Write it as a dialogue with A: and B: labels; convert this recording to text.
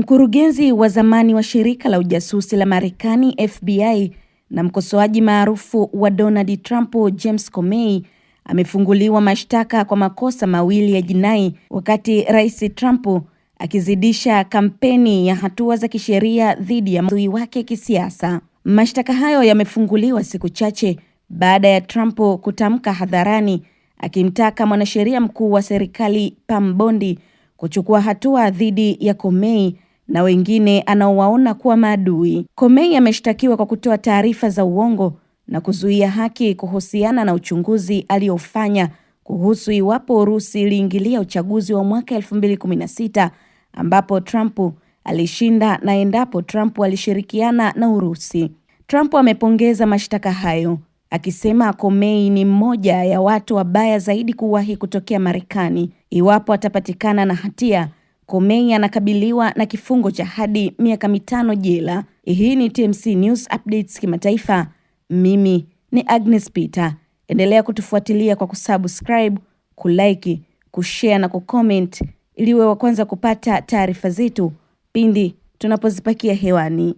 A: Mkurugenzi wa zamani wa shirika la ujasusi la Marekani FBI na mkosoaji maarufu wa Donald Trump James Comey amefunguliwa mashtaka kwa makosa mawili ya jinai wakati Rais Trump akizidisha kampeni ya hatua za kisheria dhidi ya maadui wake kisiasa. Mashtaka hayo yamefunguliwa siku chache baada ya Trump kutamka hadharani akimtaka mwanasheria mkuu wa serikali Pam Bondi kuchukua hatua dhidi ya Comey na wengine anaowaona kuwa maadui. Comey ameshtakiwa kwa kutoa taarifa za uongo na kuzuia haki kuhusiana na uchunguzi aliyofanya kuhusu iwapo Urusi iliingilia uchaguzi wa mwaka 2016 ambapo Trump alishinda na endapo Trump alishirikiana na Urusi. Trump amepongeza mashtaka hayo akisema Comey ni mmoja ya watu wabaya zaidi kuwahi kutokea Marekani. Iwapo atapatikana na hatia komei anakabiliwa na kifungo cha hadi miaka mitano jela. Hii ni TMC News Updates kimataifa. Mimi ni Agnes Peter. Endelea kutufuatilia kwa kusubscribe, kulike, kushare na kucomment ili uwe wa kwanza kupata taarifa zetu pindi tunapozipakia hewani.